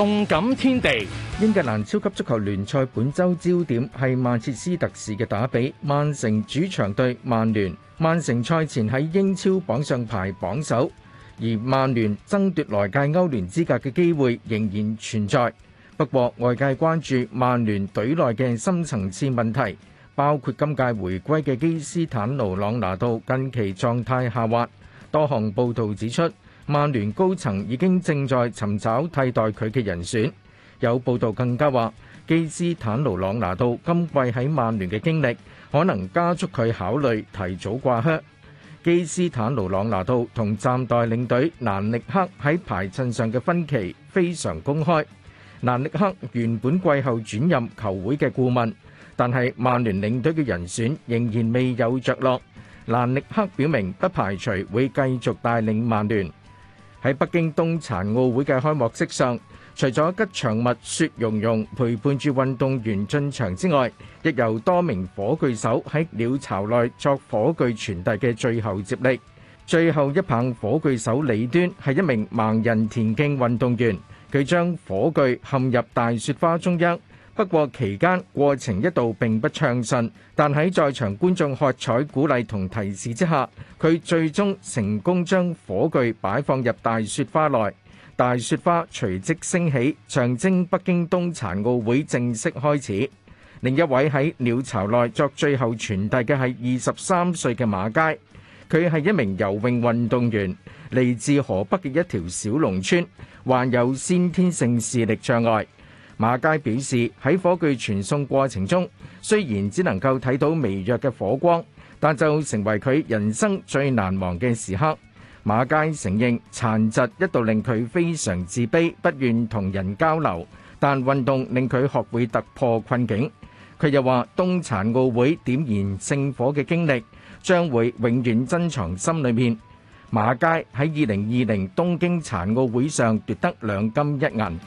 動感天地，英格蘭超級足球聯賽本周焦點係曼徹斯特市嘅打吡，曼城主場對曼聯。曼城賽前喺英超榜上排榜首，而曼聯爭奪來屆歐聯資格嘅機會仍然存在。不過外界關注曼聯隊內嘅深層次問題，包括今屆回歸嘅基斯坦奴朗拿度近期狀態下滑，多項報道指出。曼聯高層已經正在尋找替代佢嘅人選，有報道更加話基斯坦奴朗拿度今季喺曼聯嘅經歷可能加速佢考慮提早掛靴。基斯坦奴朗拿度同暫代領隊蘭力克喺排陣上嘅分歧非常公開。蘭力克原本季後轉任球會嘅顧問，但係曼聯領隊嘅人選仍然未有着落。蘭力克表明不排除會繼續帶領曼聯。喺北京冬殘奧會嘅開幕式上，除咗吉祥物雪容融陪伴住運動員進場之外，亦由多名火炬手喺鳥巢內作火炬傳遞嘅最後接力。最後一棒火炬手李端係一名盲人田徑運動員，佢將火炬嵌入大雪花中央。不過，期間過程一度並不暢順，但喺在，在場觀眾喝彩鼓勵同提示之下，佢最終成功將火炬擺放入大雪花內，大雪花隨即升起，象徵北京冬殘奧會正式開始。另一位喺鳥巢內作最後傳遞嘅係二十三歲嘅馬佳，佢係一名游泳運動員，嚟自河北嘅一條小農村，患有先天性視力障礙。馬佳表示喺火炬傳送過程中，雖然只能夠睇到微弱嘅火光，但就成為佢人生最難忘嘅時刻。馬佳承認殘疾一度令佢非常自卑，不願同人交流，但運動令佢學會突破困境。佢又話，冬殘奧會點燃聖火嘅經歷，將會永遠珍藏心裏面。馬佳喺2020東京殘奧會上奪得兩金一銀。